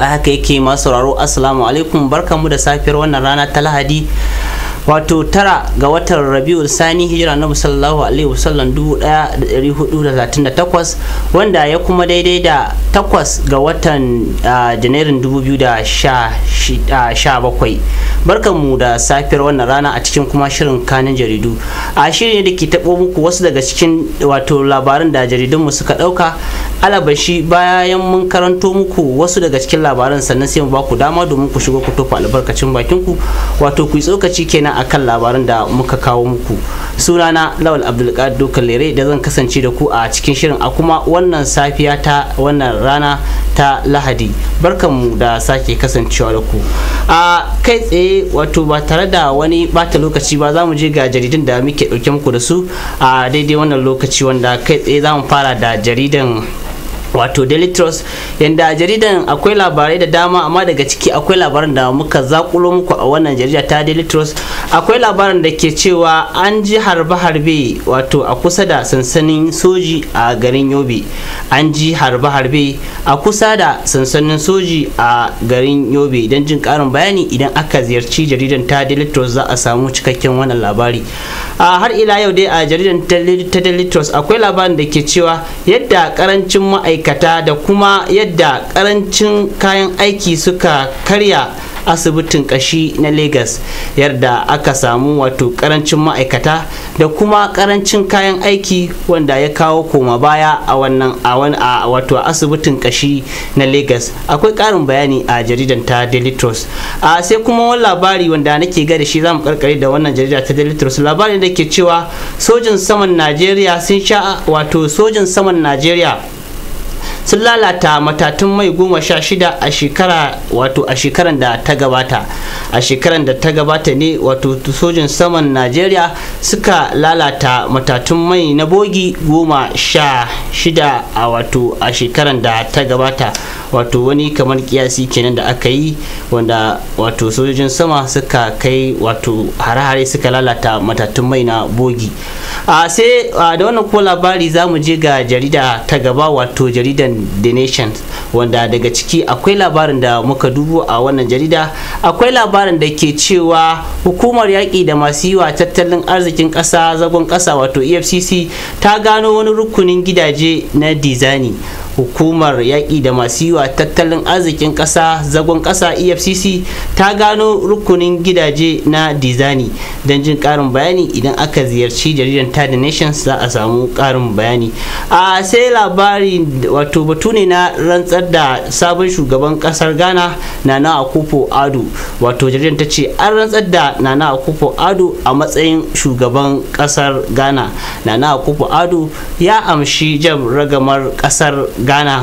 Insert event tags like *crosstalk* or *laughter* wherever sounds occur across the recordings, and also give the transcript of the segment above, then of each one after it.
a haka yake masu sauraro assalamu alaikum barkamu da safiyar wannan rana ta lahadi wato tara ga watan rabiul sani hijira na musallahu alaihi wasallam 1438 wanda ya kuma daidai da takwas ga watan janairun 2017 barkanmu da safiyar wannan rana a cikin kuma shirin kanin jaridu a shirin da ke tabo muku wasu daga cikin wato labarin da jaridun mu suka ɗauka alabashi bayan mun karanto muku wasu daga cikin labaran sannan sai mu ba ku dama domin ku shigo ku tofa albarkacin bakin ku wato ku yi tsokaci kenan a akan labarin da muka kawo muku sunana lawal abdulkadir dokalere da zan kasance da ku a cikin shirin a kuma wannan safiya ta wannan rana ta lahadi barkanmu da sake kasancewa da ku a kai tsaye wato ba tare da wani bata lokaci ba za mu je ga jaridun da muke dauke muku da su a daidai wannan lokaci wanda kai tsaye za mu fara da jaridan wato daily trust yadda jaridan akwai labarai da dama amma daga ciki akwai labarin da muka zakulo muku a wannan jarida ta daily trust akwai labarin da ke cewa an ji harbe-harbe wato a kusa da sansanin soji a garin yobe an ji harbe-harbe a kusa da sansanin soji a garin yobe don jin karin bayani idan aka ziyarci jaridan ta daily trust za a samu cikakken wannan labari a har ila yau dai a jaridan ta daily trust akwai labarin da ke cewa yadda karancin ma'aikata ma'aikata da kuma yadda karancin kayan aiki suka karya asibitin kashi na lagos yadda aka samu wato karancin ma'aikata da kuma karancin kayan aiki wanda ya kawo koma baya a wannan a wato asibitin kashi na lagos akwai karin bayani a jaridan ta daily a sai kuma wani labari wanda nake ga da shi zamu karkare da wannan jarida ta daily trust labarin da ke cewa sojin saman najeriya sun sha wato sojin saman najeriya sun lalata matatun mai goma sha shida a shekara wato a shekaran da ta gabata a shekaran da ta gabata ne wato sojin saman najeriya suka lalata matatun mai na bogi goma sha shida a wato a shekaran da ta gabata wato wani kamar kiyasi kenan da aka yi wanda wato sojojin sama suka kai wato hare-hare suka lalata matattun mai na bogi a sai da wannan kuma labari za mu je ga jarida ta gaba wato jaridan the nation wanda daga ciki akwai labarin da muka dubo a wannan jarida akwai labarin da ke cewa hukumar yaƙi da masu yiwa tattalin arzikin ƙasa zagon ƙasa wato efcc ta gano wani rukunin gidaje na dizani hukumar yaƙi da masu yiwa tattalin arzikin ƙasa zagon ƙasa efcc ta gano rukunin gidaje na dizani don jin ƙarin bayani idan aka ziyarci jaridar ta da nations za a samu ƙarin bayani a sai labari wato batu ne na rantsar da sabon shugaban ƙasar ghana nana akufo ado wato jaridar ta ce an rantsar da nana akufo ado a matsayin shugaban ƙasar ghana nana akufo ado ya amshi jam ragamar ƙasar ghana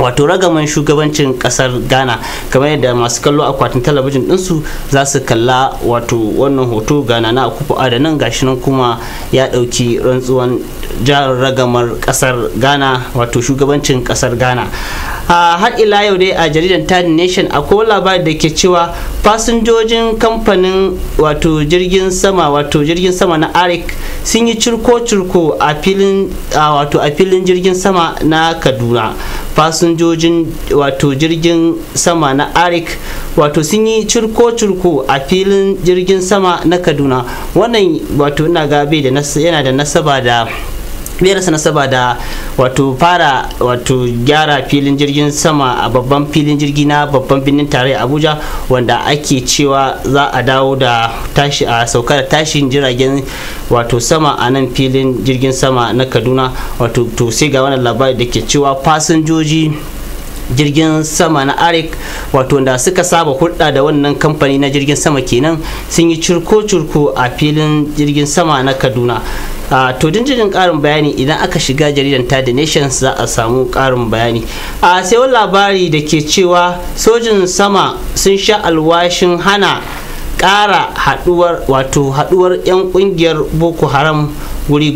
wato ragaman shugabancin kasar ghana kamar yadda masu kallo akwatin talabijin ɗinsu za su kalla wato wannan hoto ghana na akufu adanan gashi nan kuma ya ɗauki rantsuwan jarar ragamar kasar ghana wato shugabancin kasar ghana har ila yau dai a jaridan tani Nation akwai labari da ke cewa fasinjojin kamfanin wato jirgin sama wato jirgin sama na Arik sun yi cirko cirko a filin wato a filin jirgin sama na Kaduna fasinjojin wato jirgin sama na Arik wato sun yi cirko cirko a filin jirgin sama na Kaduna wannan wato ina gabe da yana da nasaba da bai rasa saba da wato fara wato gyara filin jirgin sama a babban filin jirgi na babban birnin tarayya abuja wanda ake cewa za a dawo da tashi a saukar tashin jiragen wato sama a nan filin jirgin sama na kaduna wato to sai ga wannan labari da ke cewa fasinjoji jirgin sama na arik wato da suka saba hulɗa da wannan kamfani na jirgin sama kenan sun yi curko-curko a filin jirgin sama na kaduna a to din jin karin bayani idan aka shiga jaridan ta the nations za a samu karin bayani a sai wani labari da ke cewa sojin sama sun sha alwashin hana kara haduwar wato haduwar yan kungiyar boko haram guri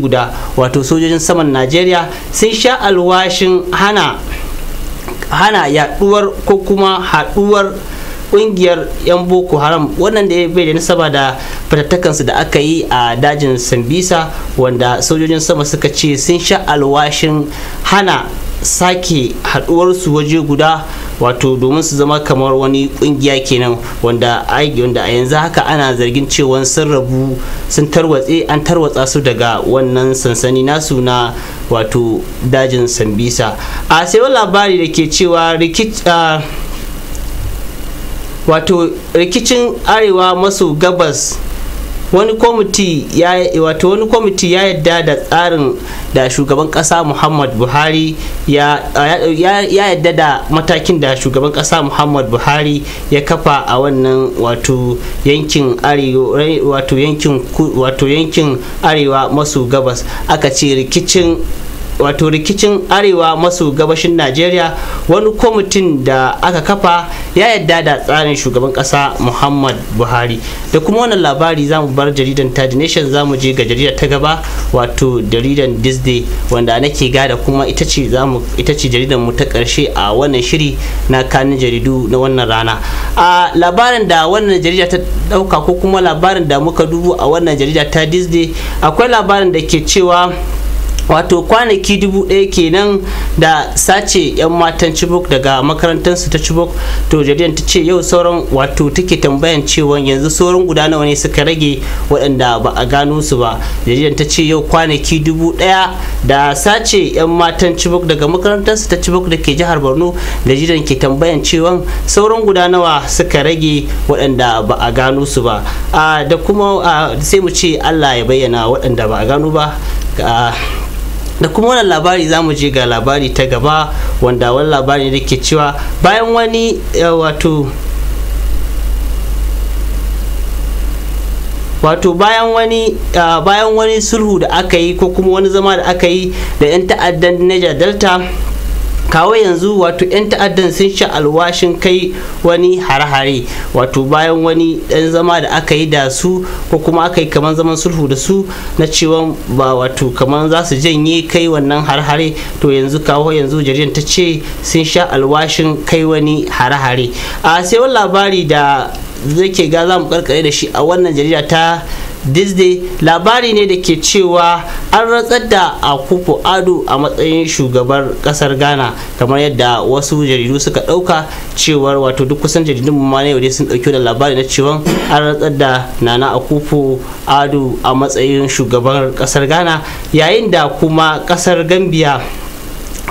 guda wato sojojin saman najeriya sun sha alwashin hana hana yaduwar ko kuma haduwar kungiyar yan boko haram wannan da bai da nasaba da fatattakansu da aka yi a dajin sambisa wanda sojojin sama suka ce sun sha alwashin hana sake haduwarsu waje guda wato domin su zama kamar wani kungiya kenan wanda wanda a yanzu haka ana zargin cewa sun rabu sun tarwatse an tarwatsa su daga wannan sansani nasu na wato dajin sambisa a sai labari da ke cewa rikic wato rikicin arewa maso gabas wani kwamiti ya wato wani kwamiti ya yadda da tsarin da shugaban kasa muhammad buhari ya yadda da matakin da shugaban kasa muhammad buhari ya kafa a wannan wato yankin arewa wato yankin wato yankin arewa maso gabas aka ce rikicin wato rikicin arewa maso gabashin najeriya wani kwamitin da aka kafa ya yadda da tsarin shugaban kasa muhammad buhari da kuma wannan labari za mu bar jaridan ta nation za mu je ga jarida ta gaba wato jaridan disney wanda nake gada kuma ita ce jaridan mu ta karshe a wannan shiri na kanin jaridu na wannan rana a labarin da wannan jarida ta dauka ko kuma labarin da muka dubu a wannan jarida ta disney akwai labarin da ke cewa wato kwanaki dubu ɗaya kenan da sace 'yan matan chibok daga makarantarsu ta chibok to jaridar ta ce yau sauran wato take tambayan cewa yanzu sauran guda nawa ne suka rage waɗanda ba a gano su ba jaridar ta ce yau kwanaki dubu ɗaya da sace 'yan matan chibok daga makarantarsu ta chibok da ke jihar borno jaridan ke tambayan cewa sauran guda nawa suka rage waɗanda ba a gano su ba da kuma sai mu ce allah ya bayyana waɗanda ba a gano ba da kuma wannan labari za mu je ga labari ta gaba wanda wani labari da ke cewa bayan wani eh, wato wato bayan wani eh, bayan wani sulhu da aka yi ko kuma wani zama da aka yi da 'yan ta'addan niger delta kawo yanzu wato 'yan ta'addan sun sha alwashin kai wani harhare wato bayan wani ɗan zama da aka yi da su ko kuma aka yi kamar zaman sulhu da su na cewa ba wato kamar za su janye kai wannan harhare. to yanzu kawo yanzu jaridar ta ce sun sha alwashin kai wani harhare a sai wani labari da zai ke ga za mu karkare da shi a wannan jarida ta disney labari ne da ke cewa an ratsar da akufo ado a matsayin shugabar kasar ghana kamar yadda wasu jaridu suka dauka cewar wato duk kusan jaridun ma na sun dauki da labari na cewa an ratsar da nana akufo ado a matsayin shugaban kasar ghana yayin da kuma kasar gambia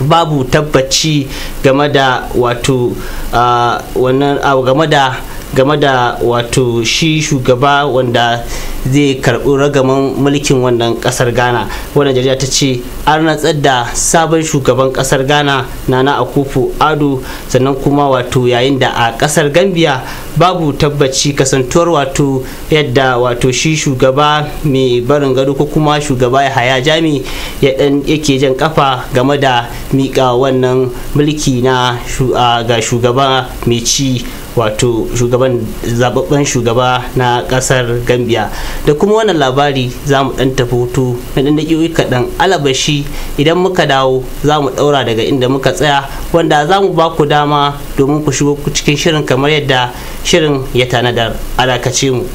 babu tabbaci game da wato uh, wannan ah, game da game da wato shi shugaba wanda zai karɓi ragaman mulkin wannan ƙasar ghana wannan jarida ta ce an rantsar da sabon shugaban ƙasar ghana nana akufu ado sannan kuma wato yayin da a ƙasar gambia babu tabbaci kasantuwar wato yadda wato shi shugaba mai barin gado ko kuma shugaba ya haya jami ya dan yake jan kafa game da miƙa wannan mulki na ga shugaba mai ci wato shugaban zababben shugaba na kasar gambia da kuma wannan labari za mu dan tafi hutu na dan dakiyoyi kaɗan alabashi idan muka dawo za mu ɗaura daga inda muka tsaya wanda za mu ba ku dama domin ku shigo cikin shirin kamar yadda shirin ya tanadar alakace mu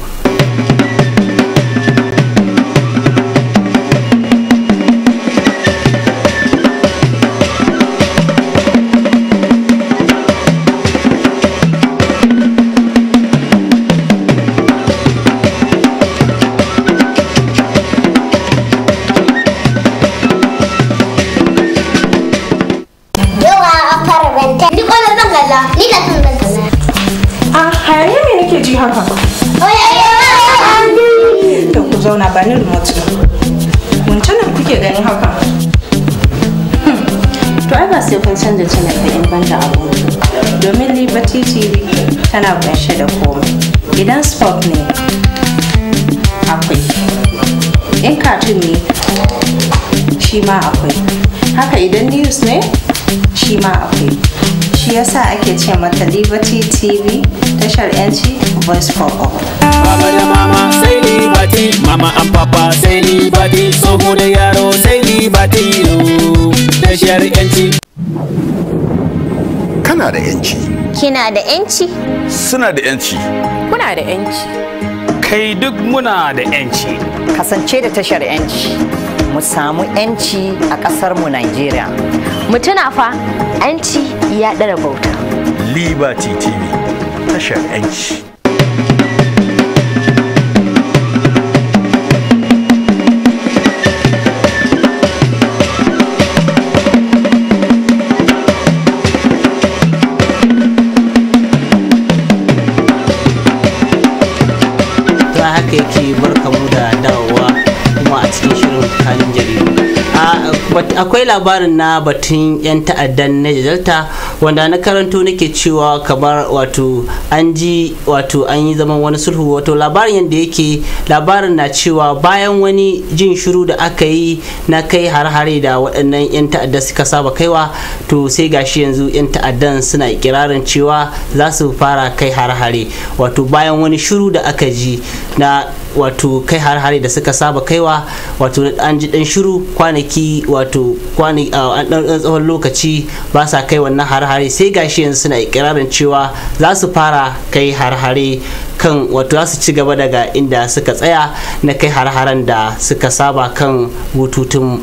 tana kunshe da komai gidan sport ne akwai in cartoon ne shi ma akwai haka idan news ne shi ma akwai shi yasa ake ce mata liberty tv tashar yanci voice for all baba da mama sai liberty mama an papa sai liberty tsoho da yaro sai liberty tashar yanci kana da yanci kina da yanci suna da yanci kuna da yanci kai duk muna da yanci kasance da tashar yanci mu samu yanci a kasar mu Najeriya mu tuna fa yanci ya ɗara bauta liberty tv tashar yanci akwai labarin na batun 'yan ta'addan na delta wanda na karanto nake cewa kamar wato an ji wato an yi zaman wani sulhu wato labarin yadda yake labarin na cewa bayan wani jin shiru da aka yi na kai har-hare da waɗannan 'yan ta'adda suka saba kaiwa to sai gashi yanzu 'yan ta'addan suna ikirarin cewa za su fara kai har-hare wato bayan wani shiru da aka ji na wato kai har-hare da suka saba kaiwa wato an ji dan shiru kwanaki wato kwani an dan tsawon lokaci ba sa kai wannan har-hare sai gashi yanzu suna ikirarin cewa za su fara kai har-hare kan wato za su ci gaba daga inda suka tsaya na kai har-haren da suka saba kan bututun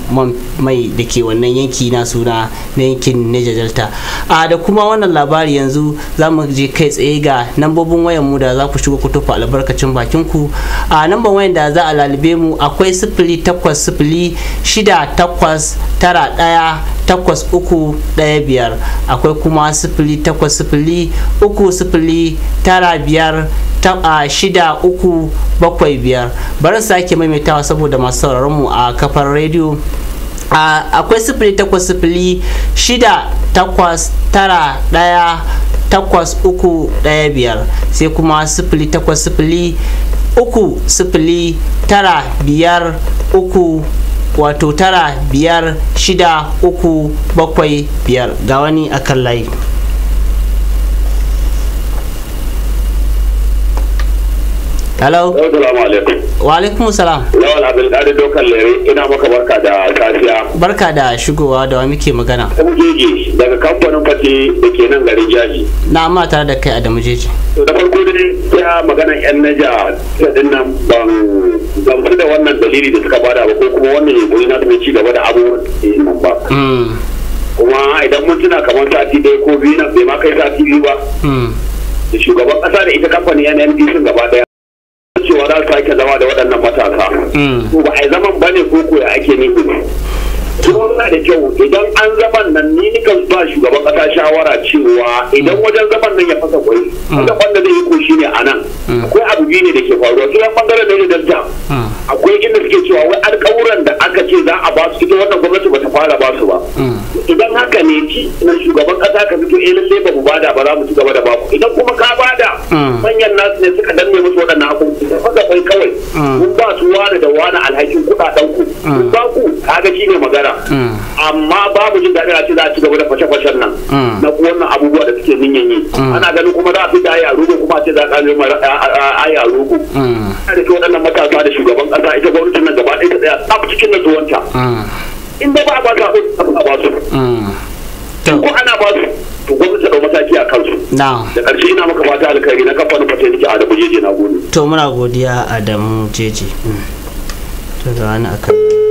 mai da ke wannan yanki na suna na yankin Niger Delta a da kuma wannan labari yanzu za mu je kai tsaye ga nambobin wayan mu da za ku shigo ku tufa albarkacin bakin ku a namban wayan da za a lalube mu akwai sifili takwas sifili shida takwas tara ɗaya takwas uku ɗaya biyar akwai kuma sifili takwas sifili uku sifili tara biyar a shida uku bakwai biyar bari sake maimaitawa saboda masu sauraron a kafar rediyo akwai sifili takwas sifili shida takwas tara ɗaya takwas uku ɗaya biyar sai kuma sifili takwas sifili uku sifili tara biyar uku wato tara biyar shida uku bakwai biyar ga wani akan layi hello assalamu alaikum wa alaikum salam lawan abdul qadir Dokar lere ina maka barka da safiya barka da shigowa da wa muke magana jeje daga kamfanin fati da ke nan garin jaji na amma tare da kai adamu jeje. da farko dai ya magana yan naja da nan ban ban da wannan dalili da suka bada ba ko kuma wannan yunkuri na da ci gaba da abubuwan ba hmm. kuma idan mun tuna kamar sati ɗaya ko biyu na bai ma kai sati biyu ba hmm. da shugaban ƙasa da ita kamfanin nnp sun gaba ɗaya cewa za su sake zama da waɗannan matasa. Hmm. Ba a zaman ba ne ko koya ake nufi. gwamna da kyau idan an zaban nan ni nikan ba shugaban kasa shawara cewa idan wajen zaban nan ya fasa kwai wanda mm. wanda zai yi koshi ne a nan mm. akwai abu biyu ne da ke faruwa su yan bangaren da ne delta mm. akwai inda suke cewa wai alƙawuran da aka ce za a ba su ita wannan gwamnati ba ta fara ba su ba idan haka ne ci na shugaban kasa ka fito eh lalle ba mu bada ba za mu ci gaba da baku idan kuma ka bada manyan nasu ne suka danne musu waɗannan abubuwa da fasa kwai kawai mun ba su wani da wani alhakin kuɗaɗen ku ba ku kaga shi ne magana matsala amma babu jin daɗi a ce za a ci gaba da fashe-fashen nan na wannan abubuwa da suke min yi ana ganin kuma za a fita da aya kuma a ce za a kare ma aya ina da ke waɗannan matasa da shugaban ƙasa ita gwamnatin nan gaba ɗaya ta tsaya tsaf cikin natsuwanta in dai ba a ba su abin a ba su ko ana ba su to gwamnati ta mataki a kansu da ƙarshe ina maka fata alkhairi na kafa kamfanin fasahi a adamu jeje na gode to muna godiya adamu jeje hmm. to da wani akan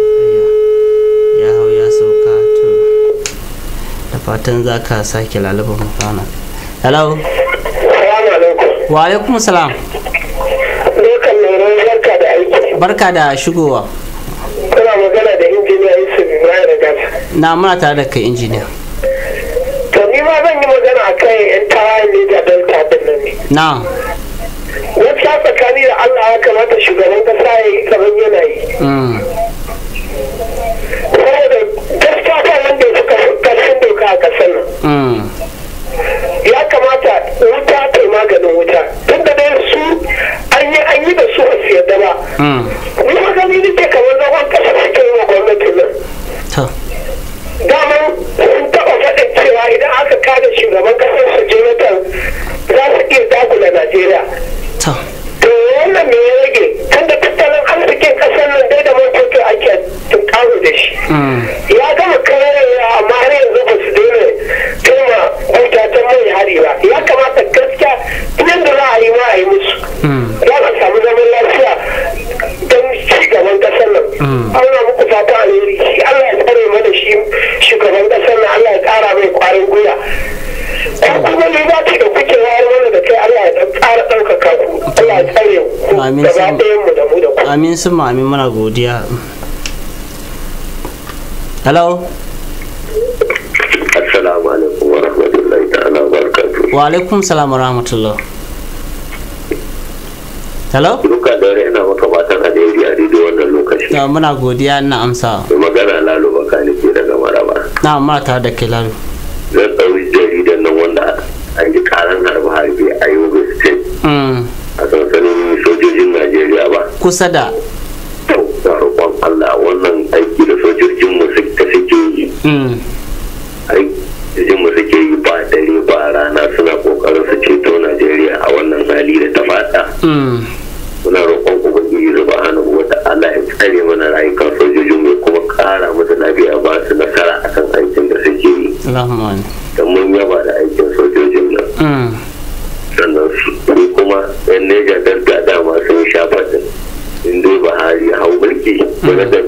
fatan za ka sake lalaba mu hello wa alaikum salam barka da shigowa kuna magana da injiniya yusuf na muna tare da kai injiniya to ni ma zan yi magana a kan yan tawaye ne da delta din nan ne na gaskiya tsakani da allah ya kamata shugaban kasa ya yi kamar yanayi mm. a kasar nan mm. ya kamata wuta ta maganin wuta tun da dai su an yi da su a siyar da ba mm. ni magani nake kamar amin gaba amin sun ma amin mana godiya hello assalamu alaikum wa rahmatullahi ta'ala wa barakatuh wa alaikum salam wa hello da yana maka fatan alheri a daidai wannan lokaci to muna godiya ina amsa magana lalo baka ne ke daga maraba na amma ta da ke lalo zan ɗauki jaridan nan wanda an ji karan harbe harbe a yobe state mm. kusa da da roƙon Allah wannan aiki da sojojin mu suka suke yi sojojin mu suke yi ba dare ba rana suna kokarin su ceto Najeriya a wannan hali da ta fada hmm. muna roƙon ubangiji subhanahu wa ta'ala ya tsare mana rayukan sojojin mu kuma ƙara musu lafiya ba su nasara akan aikin da suke yi dan mun yaba da aikin sojojin nan hmm. sannan su kuma yan Niger Foi até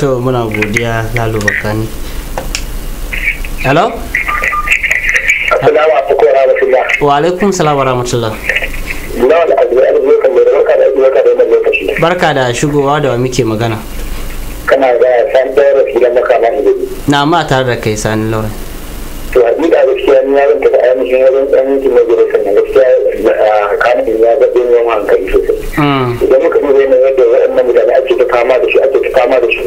to muna godiya lalu bakani hello wa alaikum salam wa rahmatullah barka da shigowa da wa muke magana kana da san daura filan makaman gudu na ma tare da kai sani lauren to a hakika gaskiya ni yaron ta ainihin wajen dan yankin na gudu sannan gaskiya kanin ya ga bin yawan hankali sosai mm. idan muka duba yadda yadda waɗannan mutane ake ta kama da shi ake ta kama da shi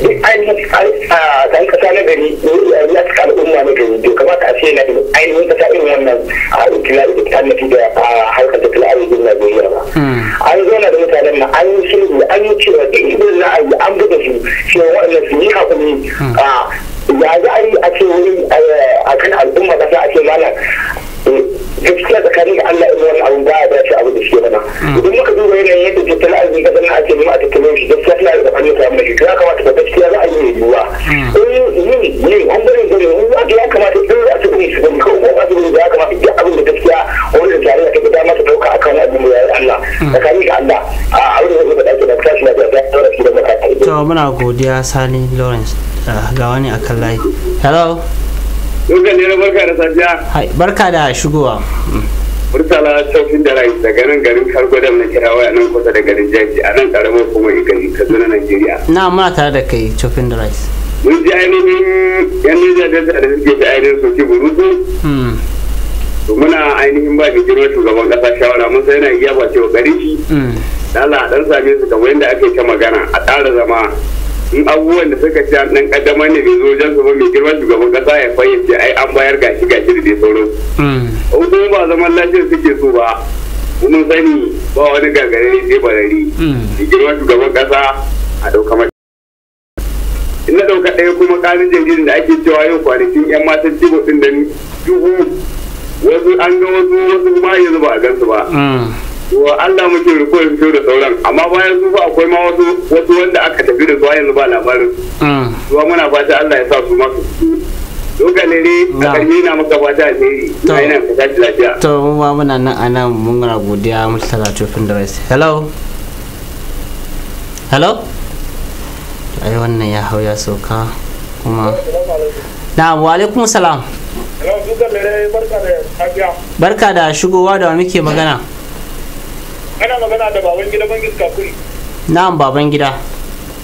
duk ainihin tsarin kasa na gari ya cika al'umma na gari bai kamata a ce na ainihin kasa irin wannan a ikila da tallafi da harkar tattalin arzikin Najeriya ba. Hmm. An na da mutanen nan an yi sulhu an yi cewa duk idan za a yi an buga su cewa waɗanda su yi haƙuri hmm. ya za a yi a ce wurin eh, a kan al'umma kasa a ce mana gaskiya tsakanin da Allah in wani abun ba a dace abu da shi mana hmm. idan muka duba yanayin yadda tattalin arziki kasar na ake nema a tattalin shi gaskiya tana da tsakanin ta mai ya kamata ka gaskiya za a yi mai yiwuwa in yin yin hanzarin gare mu za ya kamata in za su ne su gani kawai ko ba su gani ya kamata duk abin da gaskiya wani da tare da ta dama ta dauka akan abin ya yi Allah hmm. tsakanin da Allah a abin da zai faɗa ke a tashi na da ya tsara shi da mutane. to muna godiya sani lawrence ah, ga wani akan layi hello. Dukan ne barka da safiya. Barka da shigowa. Murtala Shafin da Rai daga nan garin Kargodam na kira waya nan kusa da garin Jaji a nan karamar kuma Igari Kaduna Najeriya. Na ma tare da kai Shafin da Rai. Mun ji ainihin yan Nijar Delta da suke da ainihin soki burutu. Hmm. To muna ainihin ba da girma shugaban kasa shawara mun sai yana iya ba wa gari shi. Hmm. Lala a ɗan same su kamar yadda ake ta magana a tsara zama in abubuwan da suka ci dan kaddama ne bai zo jan su ba mai girman shugaban kasa ya fayyace ai an bayar gashi gashi da dai sauran su hmm. kuma ba zaman lafiyar suke so ba kuma sani ba wani ne sai barari hmm. mai girman shugaban kasa a dauka mata in na ɗauka ɗaya kuma ƙarin jaririn da ake cewa yau kwanakin 'yan matan cibo ɗin da dubu wasu an ga wasu wasu ma yanzu ba a gansu ba hmm. wa Allah muke riko ya fito da sauran amma bayan su ba akwai ma wasu wasu wanda aka tafi da su a yanzu ba labarin su wa hmm. muna fata Allah ya sa su masu su a karni na a ka lafiya to ma muna nan a nan mun godiya mutu talatu fin da hello wa salam barka da shigowa da muke magana ana magana da baban gida bangis kakuri na'am baban gida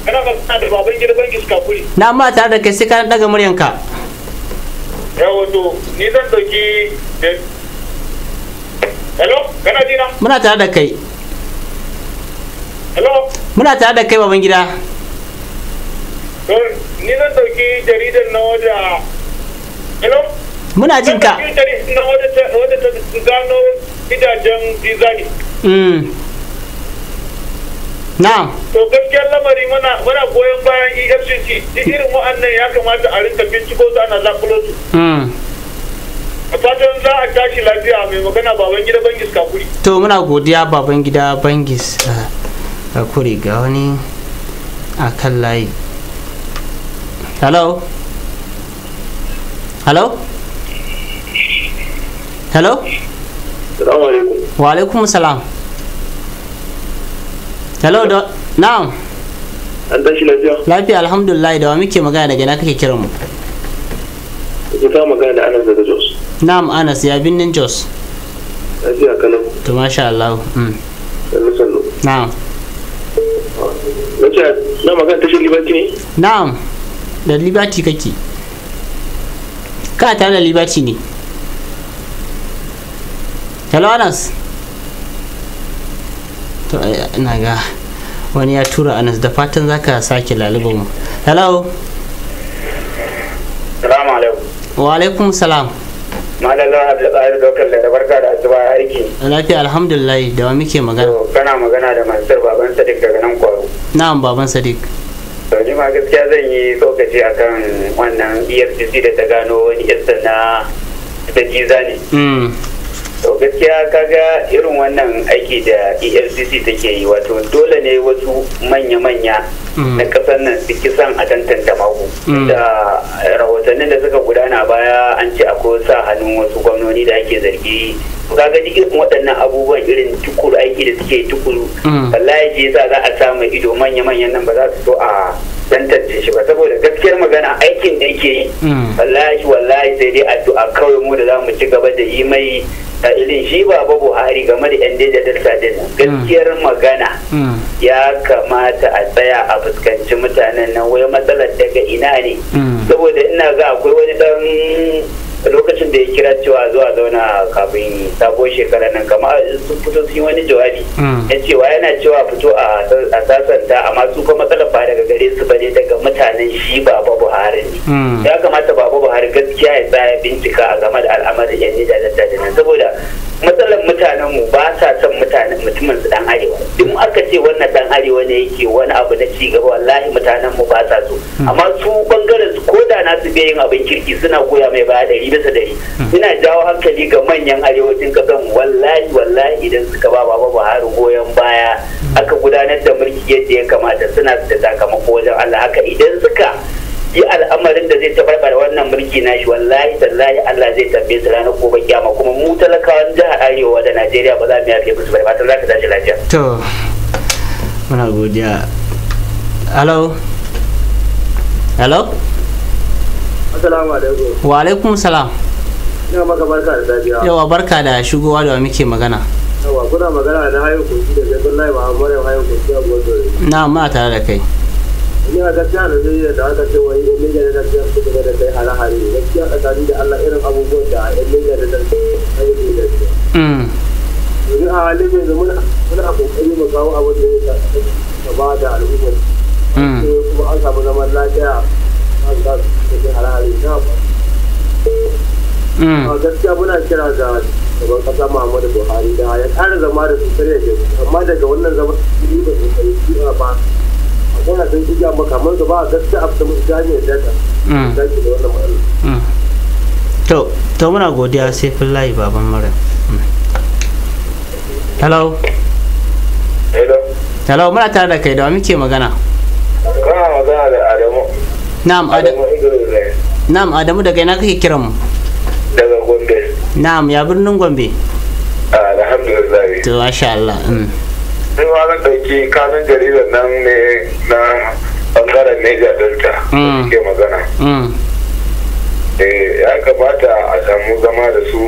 ana magana da baban gida bangis kakuri na ma tare da kai sai ka daga ka ya wato ni zan dauki hello kana jina muna tare da kai hello muna tare da kai baban gida ni zan doki jaridar na wada hello muna jinka jaridar na wada ta gano gidajen dizani Mm. na. to gaskiyar lamari muna muna goyon bayan EFCC duk irin wa'annan ya kamata a rinka binciko su ana zakulo su mm. a fatan za a tashi lafiya mai magana baban gida bangis kakuri to muna godiya baban gida bangis ah, kakuri ga wani a kan layi hello hello hello salamu alaikum wa alaikum salam hello da lafiya lafiya alhamdulillah da wa muke magana daga na kake kiran mu ku ta magana da Anas daga Jos na'am Anas ya binnin Jos lafiya to masha Allah mm. na'am na magana Liberty ne? Na'am, da Liberty kake. Ka tare da Liberty ne. Hello Anas. to eh, ina ga wani ya tura anas da fatan zaka sake lalibin mu hello salamu alaikum wa alaikum salam malala abdulkadir dokar da barka da asuba aiki lafiya alhamdulillah da wa muke magana kana magana da mansur baban sadiq daga nan kwaro na'am baban sadiq to ni ma gaskiya zan yi tsokaci akan wannan efcc da ta gano wani yasta na da giza ne mm. to gaskiya kaga irin wannan aiki da efcc take yi wato dole ne wasu manya-manya mm. na kasar nan su kisan a tantanta mako mm. da eh, rahotannin da suka gudana baya an ce akwai sa hannun wasu gwamnoni da ake zargi kaga duk irin waɗannan abubuwan irin tukuru aiki da suke tukuru mm. wallahi shi yasa za a samu ido manya-manyan nan ba za su so a tantance shi ba saboda gaskiyar magana aikin da yake yi hmm. wallahi wallahi sai dai addu'a kawai mu da za mu ci gaba da yi mai a ilin shi ba buhari game da yan da delta hmm. gaskiyar magana hmm. ya kamata a tsaya a fuskanci mutanen nan wai matsalar daga ina ne saboda ina ga akwai wani dan lokacin da ya kira cewa zuwa zauna kafin sabuwar shekara nan kama sun fito sun yi wani jawabi hmm. ce cewa yana cewa fito a sasanta amma su kuma matsalar ba daga gare su bane daga mutanen shi baba buhari ne hmm. ya kamata baba buhari gaskiya ya tsaya bincika a game da al'amarin yan nijar da saboda matsalar mutanen mu ba sa son mutanen mutumin dan arewa duk aka ce wannan dan arewa ne yake wani abu na ci gaba wallahi mutanen mu ba sa so hmm. amma su bangaren su ko da su bai yin abin kirki suna goya mai baya dari bisa dari hmm. ina jawo hankali ga manyan arewacin kasan wallahi wallahi idan suka ba baba Buhari goyon baya hmm. aka gudanar da mulki yadda ya kamata suna da sakamako wajen Allah haka idan suka yi al'amarin da zai tabarbar wannan mulki shi wallahi tallahi Allah zai tambaye su ranar gobe kyamma kuma mu talakawan jihar Arewa da Najeriya ba za mu yafe musu ba fatan za ka tashi lafiya to muna godiya hello hello assalamu alaikum wa alaikum salam ina maka barka da safiya yawa barka da shigowa da muke magana yawa kuna magana da hayo kogi da zai gullahi ba da hayo kogi a na ma tare da kai ni a gaskiya na zai da aka ce wai yan leja da ta su gaba da kai hare-hare gaskiya tsakani da Allah irin abubuwan da yan leja da gaskiya sai ne gaskiya yanzu hmm. a halin yanzu muna muna kokari mu kawo abu da ya ta ba da al'umma hmm. kuma an samu zaman lafiya an ga su kai hare-hare na ba hmm. a gaskiya muna kira ga gaban kasa Muhammadu Buhari da ya kara zama da su sarrafa amma daga wannan zaman da su ba yana da jiya makaman da a gaskiya abu da mu gane da ta mm. zaki da wannan matsalar mm. to to muna godiya sai fillahi baban mara mm. hello hello hello muna tare da kai da muke magana kana magana da adamu na'am adamu na'am adamu daga ina kake kiran mu daga gombe na'am ya birnin gombe alhamdulillah to masha Allah sai ma zan ɗauki kanun jaridar nan ne na bangaren Niger Delta da mm. ke magana. Mm. Eh, ya kamata a samu zama da su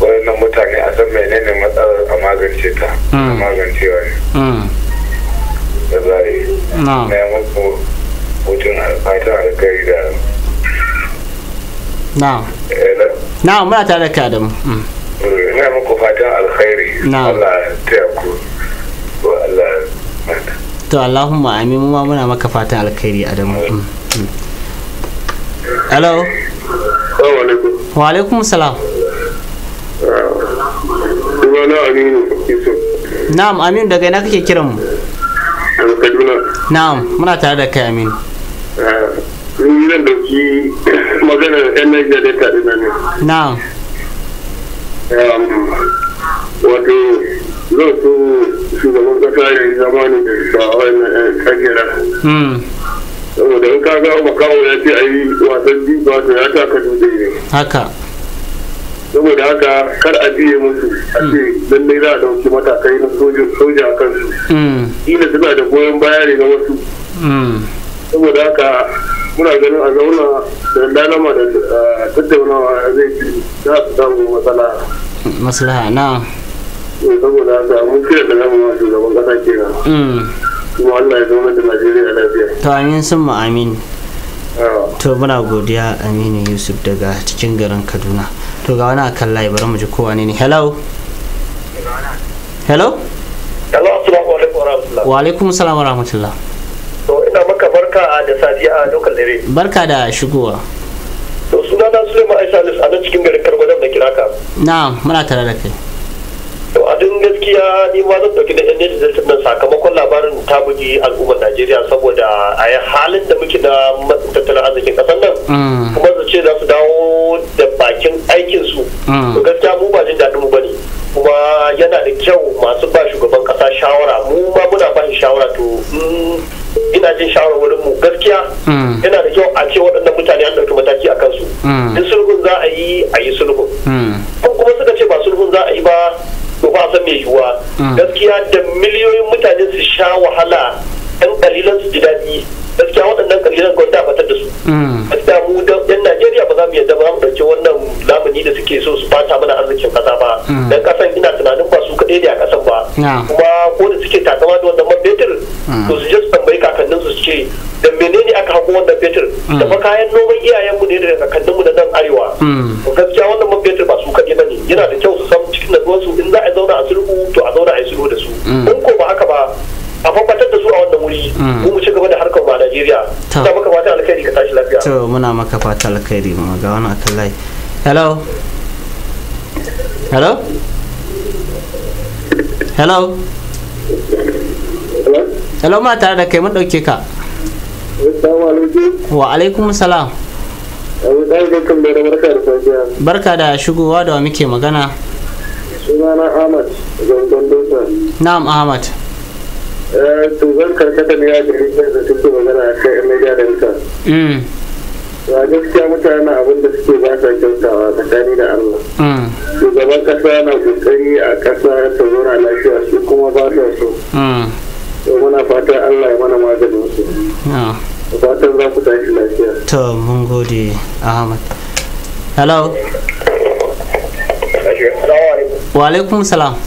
waɗannan mutane a san menene matsalar a magance ta, a mm. magancewa ne. Da zai na ya mako hutun fatan alkari da Na'am. na muna tare da ka mu. Ina muku fatan alkhairi. Na'am. Allah ta yaku. to Allah to Allahumma amin mu ma muna maka fatan alkhairi a damu mm, mm. Hello Wa alaikum salam Na'am Aminu daga ina kake kiran mu Na'am muna tare da kai Aminu eh, Ni zan dauki *coughs* magana yan Niger Delta dinnan ne Na'am um, wato zai so shugaban kasa ya yi zama ne da wannan eh, kagera hmm. saboda in kaga makawo ya ce a yi wasan jifa to ya ka dutse ne haka saboda haka kar a biye musu a ce hmm. lallai za a dauki matakai na soja a kansu hmm. ina suna da goyon baya ne na wasu saboda haka muna ganin a zauna da lalama eh, da tattaunawa zai ci za su samu matsala maslaha na ne saboda haka mun kira da zama ma shugaban kasa kenan mm. kuma Allah ya zama da Najeriya lafiya to amin sun mu amin to muna godiya aminu yusuf daga cikin garin kaduna to ga wani akan layi bari mu ji kowa ne hello hello hello assalamu alaikum warahmatullah wa alaikum assalam warahmatullah to ina maka barka da safiya a lokal dare barka da shigowa to suna na suleiman aisha alis a cikin garin kargwadon da kiraka na'am muna tare da kai to a duk gaskiya ni ma zan dauki da yan jaridar nan sakamakon labarin ta bugi al'ummar Najeriya saboda a yi halin da muke da matsin tattalin arzikin kasar nan mm. kuma su ce za su dawo da bakin aikin su mm. to gaskiya mu ba jin daɗin mu bane kuma yana da kyau masu ba shugaban kasa shawara mu ma muna ba shi shawara to mm, ina jin wurin mu gaskiya yana da kyau a ce waɗannan mutane an ɗauki mataki a kansu in sulhun za a yi a yi sulhun kuma suka ce ba sulhun za a yi ba to ba san mai yiwuwa mm. gaskiya da miliyoyin mutane su sha wahala dan ƙalilan su ji daɗi gaskiya waɗannan ƙabilan kawai ta fatar da su mm. gaskiya mu yan najeriya ba za mu yadda ba mu ɗauki wannan lamuni da suke so su fata mana arzikin ƙasa ba mm. dan ƙasan ina tunanin ba su kaɗai ne a ƙasan ba kuma ko da suke takama da wannan man fetur mm. to su je su tambayi kakannin su ce da ne aka hako wannan fetur da fa kayan noman iyayenmu ne da kakanninmu na nan arewa gaskiya wannan man fetur ba su kaɗai ba ne yana da kyau su san cikin natsuwarsu in za a zauna a sulhu to a zauna a yi sulhu da su in ko ba haka ba a kwakwatar da su a wannan wuri ko mm. mu ci gaba da harkar ba Najeriya ta maka fatan alkhairi ka tashi lafiya to muna maka fatan alkhairi mu ga wani akan lai hello hello hello hello muna tare da kai mun dauke ka wa alaikum salam barka da shigowa da wa muke magana sunana ahmad zangon dosa na'am ahmad Eh, to zan karkata ne ya gari sai da suke magana a kai media delta a gaskiya mutane abin da suke ba sa kyautawa tsakani da allah mm. shugaban kasa na kokari a kasa ta zauna lafiya su kuma ba sa so mm. to muna fatan allah ya mana maganin su fatan za ku tashi lafiya to mun gode ahmad hello wa alaikum salam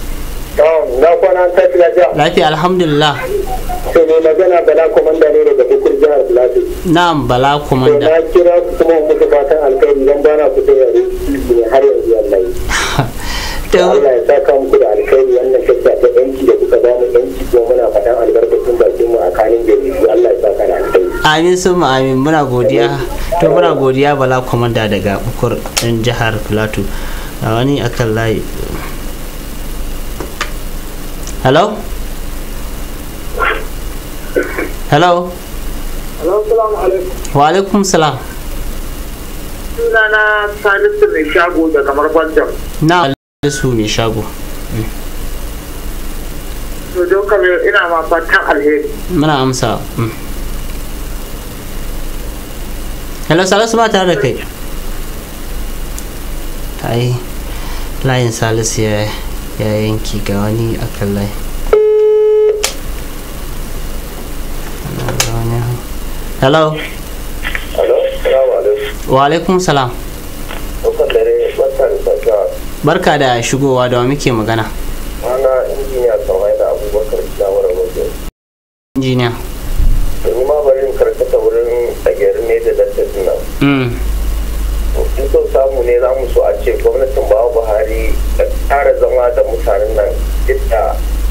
Na kwana an tafi lafiya. Lafiya alhamdulillah. To ne magana Bala Komanda ne daga Bukur jihar Plateau. Na'am Bala Komanda. Na kira kuma muku fatan alkhairi dan bana fito yanzu har yanzu wallahi. *laughs* to Allah ya saka muku da alkhairi wannan shakka ta yanki da kuka ba mu yanki kuma muna faɗan albarkacin bakin mu a kanin gari Allah ya saka da alkhairi amin sun amin muna godiya to muna godiya bala komanda daga bukur ɗin jihar Plateau a wani akan layi Hello. هلو هلو السلام عليكم وعليكم السلام sunana salisu mai shago daga marbantan na salisu mai shago to don kamar ina ma fatan alheri muna amsa hello salisu ba tare da kai ai layin salisu ya ya yanki ga wani a kan layi hello wa alaikum salam barka da shigowa da muke magana ana injiniya samai da abubakar jawar waje. injiniya domin ma bari karkata wurin a gyarin ne da lantarki nan hmm. da mutanen nan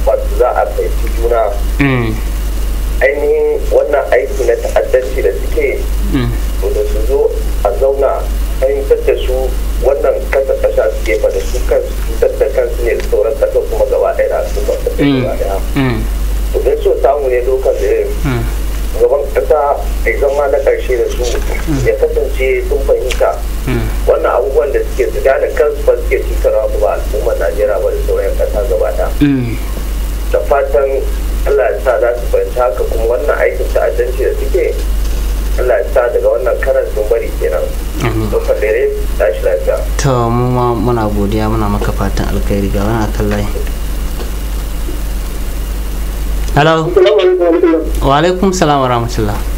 ba su za a fahimci juna mm. ainihin wannan aiki na ta'addanci da suke mm. da su zo a zauna fahimtar da su wannan kasa kasa suke ba da su su cutar kan kansu ne sauran kasa kuma gaba ɗaya na su kwanta da mm. gaba ɗaya to so samu ne dokar da gaban ƙasa mai zama na ƙarshe da su ya kasance sun fahimta wannan abubuwan da suke su gane kansu ba suke cutarwa ba al'ummar najeriya ba da sauran kasa gaba mm. da fatan allah ya sa za su fahimta haka kuma wannan aikin ta'addanci da suke allah ya sa daga wannan karan sun bari kenan mm-hmm. dokar dare shi lafiya to mu ma muna godiya muna maka fatan alkhairi ga wani akan layi hello wa alaikum salam wa rahmatullah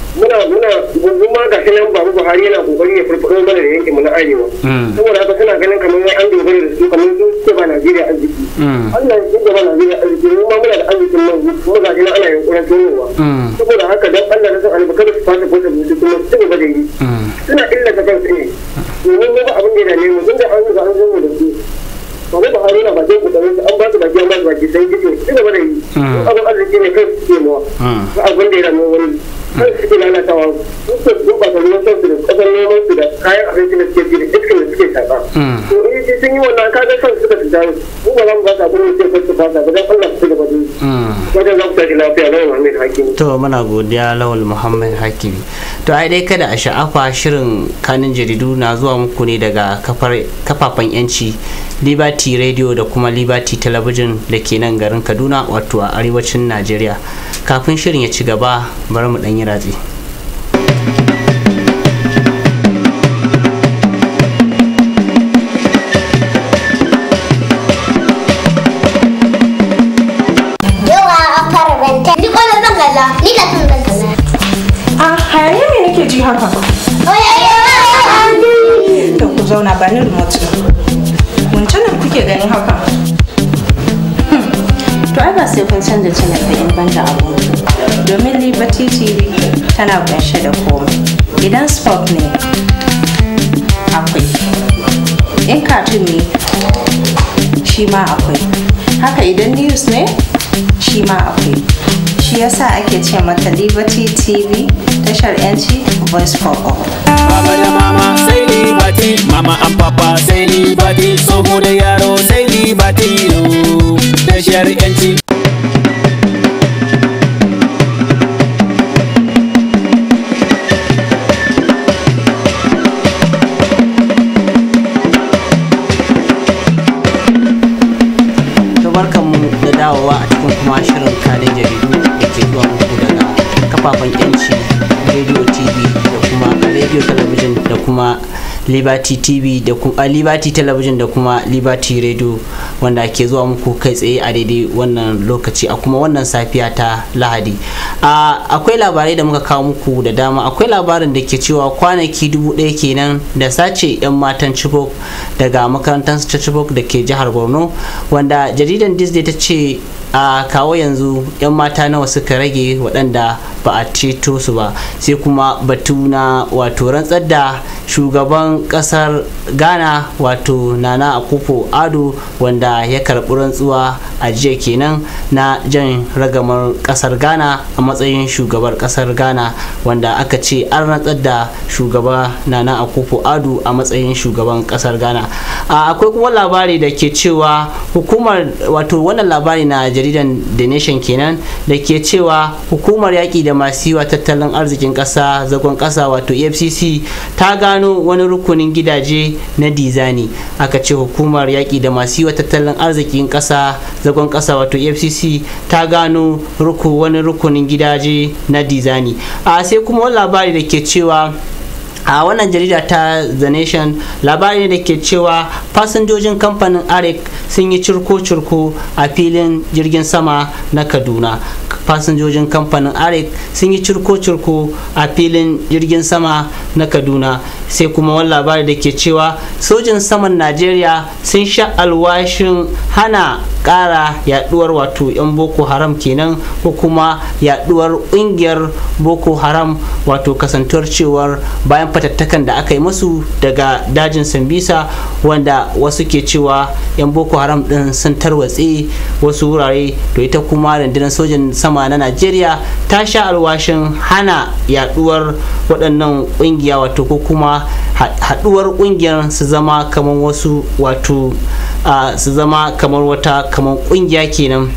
muna muna mun ma ga kalan babu Buhari yana kokari ya farfado mana da yankin mu na arewa hmm. saboda haka suna ganin kamar an dogara da su kamar su ce ba Najeriya arziki hmm. Allah ya ce ba Najeriya arziki mun ma muna da arzikin nan kuma ga nan ana yunkurin tonowa hmm. saboda haka dan Allah ya san albarkar su fata ko da mutu kuma su gaba da yi suna illata kansu ne domin ba abin da ya dame mu tunda an ga an zo mu da su kamar ba haruna ba ku tsaye an ba su baki an ba su baki sai kike ci gaba da yi abin arziki ne kai su ce mawa abin da ya dame wani ഇതിലാണ് കേട്ടോ ഇപ്പൊ പകർന്നു കൊടുത്തിരുന്നു അപ്പൊ നോക്കിയിട്ട് കായ അറിയിക്കുന്ന karɓa. Mm. in ji sun yi wannan kaga son suka fi dawo mu ba za mu ba ta gurin sai kwasu ba ta gudan Allah su gaba da mm. wajen za ku tashi lafiya lawal Muhammad hakim. to muna godiya lawal Muhammad Hakimi to ai dai kada a sha'afa shirin kanin jaridu na zuwa muku ne daga kafafen yanci liberty radio da kuma liberty television da ke nan garin kaduna wato a arewacin najeriya kafin shirin ya ci gaba bari mu ɗan yi ratse. amfanin remote mun nan kuke ganin haka hmm. to ai ba sai kun canza channel da in banda abu domin liberty tv tana kunshe da komai idan sport ne akwai in cartoon ne shi ma akwai haka idan news ne shi ma akwai shi yasa ake ce mata liberty tv Special yanci voice for all baba da mama sai libati mama and papa sai libati tsoho da yaro sai libati Special yanci liberty tv da kuma liberty television da kuma liberty radio wanda ke zuwa muku kai tsaye a daidai wannan lokaci a kuma wannan safiya ta lahadi akwai labarai da muka kawo muku da dama akwai labarin da ke cewa kwanaki dubu ɗaya kenan da sace 'yan matan chibok daga makarantar ta chibok da ke jihar borno wanda jaridan disney ta ce a kawo yanzu 'yan mata nawa suka rage waɗanda ba a ceto su ba sai kuma batu na wato rantsar da shugaban ƙasar ghana wato nana akufo ado wanda ya karɓi rantsuwa a jiya kenan na jan ragamar ƙasar ghana a matsayin shugabar ƙasar ghana wanda aka ce an rantsar da shugaba nana akufo ado a matsayin shugaban ƙasar ghana akwai kuma labari da ke cewa hukumar wato wannan labari na jaridan the nation kenan da ke cewa hukumar yaƙi da masu yiwa tattalin arzikin ƙasa zagon ƙasa wato efcc ta gano wani rukunin gidaje na dizani aka ce hukumar yaƙi da masu yiwa tattalin arzikin ƙasa zagon ƙasa wato fcc ta gano wani rukunin gidaje na dizani a sai kuma wani labari da ke cewa a wannan jarida ta the nation labari da ke cewa fasinjojin kamfanin arik sun yi cirko-cirko a filin jirgin sama na kaduna fasinjojin kamfanin arek sun yi cirko-cirko a filin jirgin sama na kaduna sai kuma wani labari da ke cewa sojin saman najeriya sun sha alwashin hana kara yaduwar wato 'yan boko haram kenan ko kuma yaduwar kungiyar boko haram wato kasantuwar cewar bayan fatattakan da aka yi musu daga dajin sambisa wanda wasu ke cewa 'yan boko haram din sun tarwatse wasu wurare to ita kuma rundunar sojan sama na najeriya ta sha alwashin hana yaduwar waɗannan ƙungiya wato ko kuma haɗuwar ƙungiyar su zama kamar wasu wato su zama kamar wata kamar ƙungiya kenan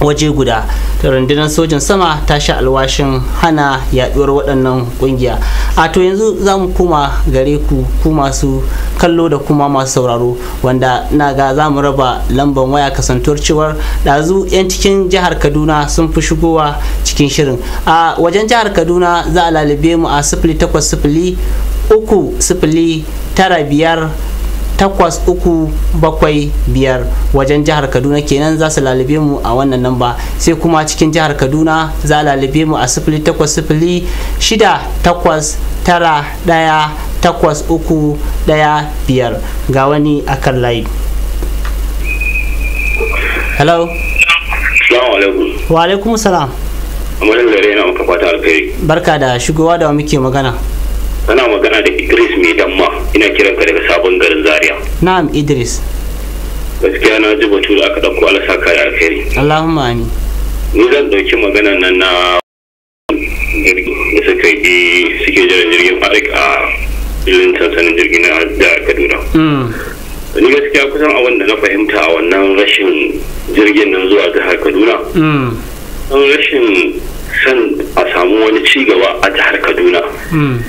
waje guda da rundunar sojin sama ta sha alwashin hana yaduwar waɗannan ƙungiya a to yanzu za mu kuma gare ku ku masu kallo da kuma masu sauraro wanda na ga za mu raba lambar waya kasantuwar cewar ɗazu 'yan cikin jihar kaduna sun fi shigowa cikin shirin a wajen jihar kaduna za a lalabe mu a sifili takwas uku sifili tara biyar takwas uku bakwai biyar wajen jihar kaduna kenan za su lalube mu a wannan namba sai kuma cikin jihar kaduna za lalube mu a sifili takwas sifili shida takwas tara daya takwas uku daya biyar ga wani akan layi hello wa alaikum salam barka da shigowa da wa muke magana kana magana da Idris mai damma ina kiran ka daga sabon garin Zaria. Na'am Idris. Gaskiya na ji batu da aka ɗauko ala sa kaya alheri. Allahumma amin. Ni zan ɗauki magana nan na da suka yi suke jiran jirgin Farik a filin sansanin jirgin na da Kaduna. Mm. Ni gaskiya kusan abin da na fahimta a wannan rashin jirgin nan zuwa jihar Kaduna. Mm. An rashin san a samu wani cigaba a jihar Kaduna. Mm.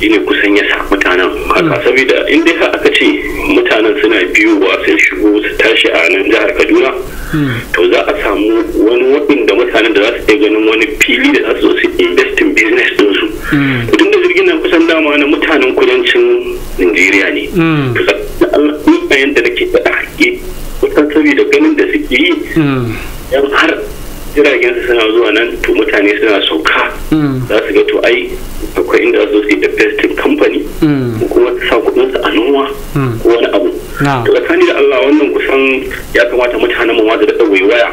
ne kusan ya sa mutanen haka saboda in dai aka ce mutanen suna ba sun shigo su tashi a nan jihar kaduna to za a samu wani waɗanda mutanen da za su iya ganin wani fili da za su su investin business ɗinsu tun da jirgin nan kusan dama na mutanen kudancin nigeria ne kusan da nake faɗa kusan saboda ganin da suke yi yan hmm. har jiragen su suna zuwa nan to mutane suna sauka hmm. za su ga to ai akwai inda su su da festin kamfani ko kuma sa kudin su a noma hmm. ko wani abu to tsakani da Allah wannan kusan ya kamata mutanen mu ma hmm. da daɗa waya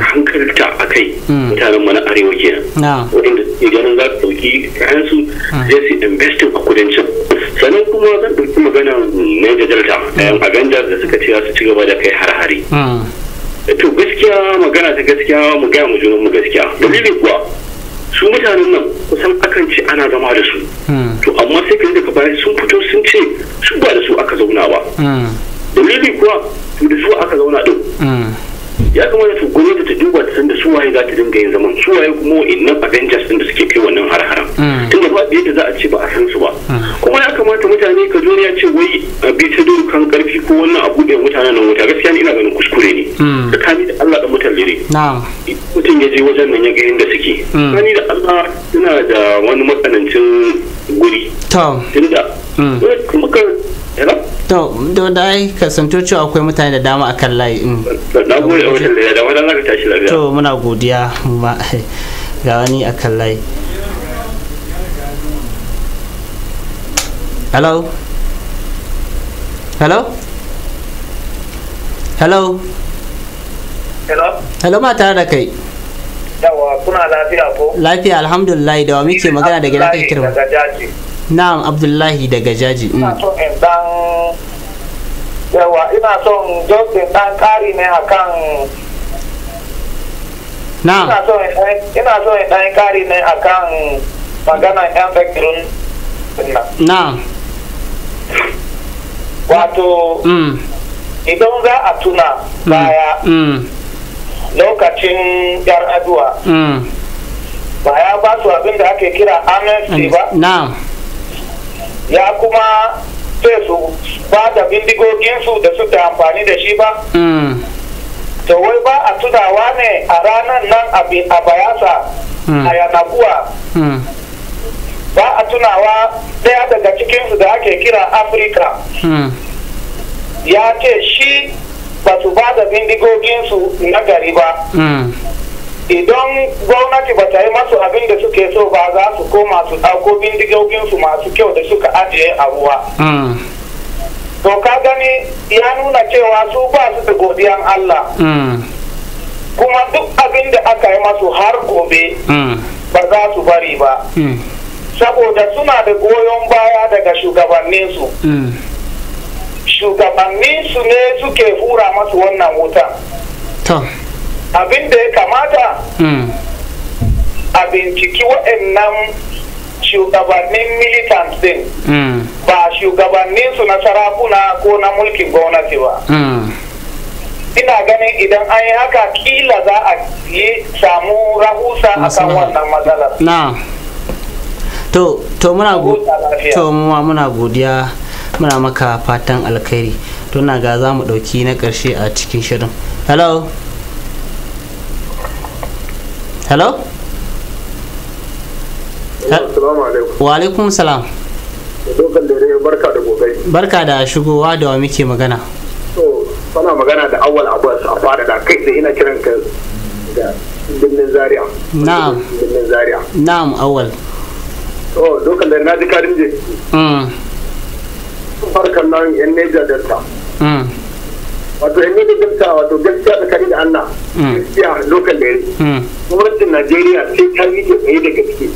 hankalta a kai mutanen mu na arewa kenan waɗanda suke ganin za su ɗauki kayan su sai su investin a kudancin sannan kuma zan dauki magana ne da delta ɗayan aganjar da suka ce za su ci gaba da kai har-hari to gaskiya magana ta gaskiya mu gaya mu junan mu gaskiya dalili kuwa su mutanen nan kusan akan ce ana zama da su hmm. to amma sai kan daga baya sun fito sun ce su ba da su aka zauna ba hmm. dalili kuwa su da su aka zauna din hmm. ya kamata su gwamnati ta duba ta san da su waye za ta dinga yin zaman su waye kuma wa'annan avengers din da suke kai wannan har-haren da ba yadda za a ce ba a san su ba kuma ya kamata mutane ka zo ya ce wai a bi ta dokan karfi ko wannan abu da mutanen nan wuta gaskiya ni ina ganin kuskure ne tsakani da Allah da mutane ne mutum ya je wajen nan ya ga yadda suke mm. tsakani da Allah suna da wani matsanancin guri tunda muka mm. to da da ai kasanto cewa akwai mutane da dama a kan layi mm. na gode a wajen da dama dan ka tashi lafiya to muna godiya *laughs* ga wani kan layi hello hello hello hello ma tare da kai yawa kuna lafiya ko lafiya alhamdulillah da wa muke magana da gidan kai kirma na'am abdullahi daga jaji mm. ina son in dan yawa ina son justin dan kari ne akan na'am ina son in dan kari ne akan magana yan bakirin na'am wato mm. idan za a tuna mm. baya lokacin yar aduwa mm. ba ya ba su abin da ake kira amnesty ba ya kuma sai su ba da bindigoginsu da su ta amfani da shi ba mm. to wai ba a tunawa ne a ranar nan a bayasa mm. a yanaguwa ba a tunawa daya daga cikinsu da ake kira afirka ya ce shi ba su ba da bindigoginsu na gari ba hmm. idan gwamnati ba ta yi masu abin da suke so ba za su koma su ɗauko bindigoginsu masu kyau da suka ajiye a ruwa hmm. to ka gani ya nuna cewa su ba su da godiyan Allah hmm. kuma duk abin da aka yi masu har gobe ba za su bari ba saboda suna da goyon baya daga shugabanninsu shugabannin su ne suke hura masu wannan wuta abin da ya kamata hmm. a binciki waɗannan shugabannin militant din hmm. ba shugabannin su na sarakuna ko na mulkin gwamnati ba hmm. ina ganin idan an yi haka kila za a yi samu rahusa a kan wannan matsalar to muna godiya muna maka fatan alkhairi to na ga za mu ɗauki na ƙarshe a cikin shirin hello hello wa alaikum salam barka da barka da shigowa da wa muke magana ana magana da awal abbas a fara da kai da ina kiran ka da birnin zaria na'am birnin zaria na'am awal to dokan da na ji karin je mm. harkar nan yan Niger Delta. Mm. Wato yan Niger Delta wato gaskiya kari da anna mm. gaskiya lokal da mm. gwamnatin Najeriya sai ta yi da tsaye da gaske.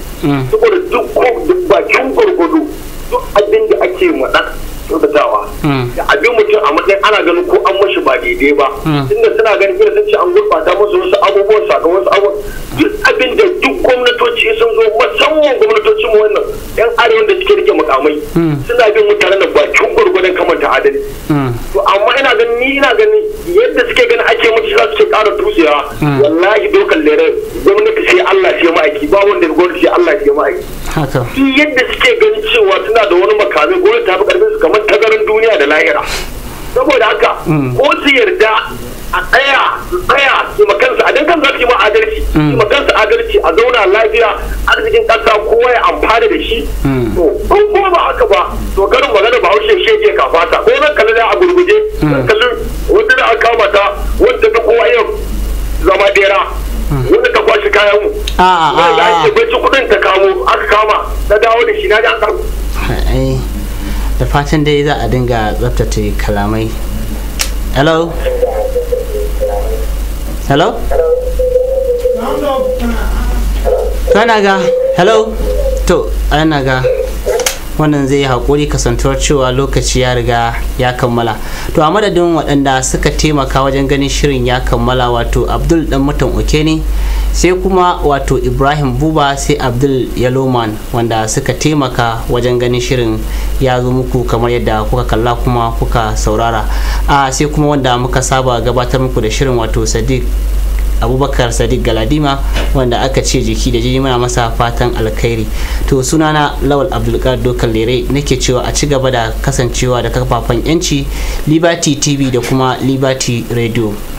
Saboda duk ko duk bakin gwargwado duk abin da ake maɗa kyautatawa. Da abin mutum a matsayin ana ganin ko an mashi ba daidai ba. Tunda suna ganin irin sun ce an gurɓata musu wasu abubuwan sakamakon wasu abubuwan duk abin da duk gwamnatoci sun zo musamman mu wannan yan arewa da suke rike makamai hmm. suna bin mutanen da bakin gwargwadon kamar ta adali hmm. to amma ina ganin ni ina ganin yadda suke ganin ake mutu za su ce kara tusewa hmm. wallahi dokar lere gwamnati sai Allah sai ma'aiki ba wanda gwamnati sai Allah sai ma'aiki shi yadda suke ganin cewa suna da wani makamai gwamnati ta fi karfin su kamar tagarin duniya da lahira saboda haka ko su yarda a tsaya tsaya su makansu a dinkan za su yi ma adalci mm. su makansu adalci a zauna lafiya arzikin ƙasa kowa ya amfana da shi mm. to in kuma ba haka ba to garin magana ba haushe shege ka fata ko zan kalli da a gurguje mm. zan kalli wanda da aka mata wanda ta kowa yau zama dera wanda ta kwashi kayan mu a a a a kudin ta kamo aka kama na dawo da shi na ji an da fatan dai za a dinga tsaftace kalamai hello hello kana ga hello to ana ga wannan zai yi haƙuri kasantuwar cewa lokaci ya riga ya kammala to a madadin waɗanda suka taimaka wajen ganin shirin ya kammala wato abdul dan mutan oke ne sai kuma wato ibrahim buba sai abdul yaloman wanda suka taimaka wajen ganin shirin ya zo muku kamar yadda kuka kalla kuma kuka saurara a sai kuma wanda muka saba gabatar muku da shirin wato sadiq abubakar sadiq galadima wanda aka ce jiki da jini muna masa fatan alkhairi to sunana lawal abdulkar dokar lere nake cewa a ci gaba da kasancewa da kafafen yanci liberty tv da kuma liberty radio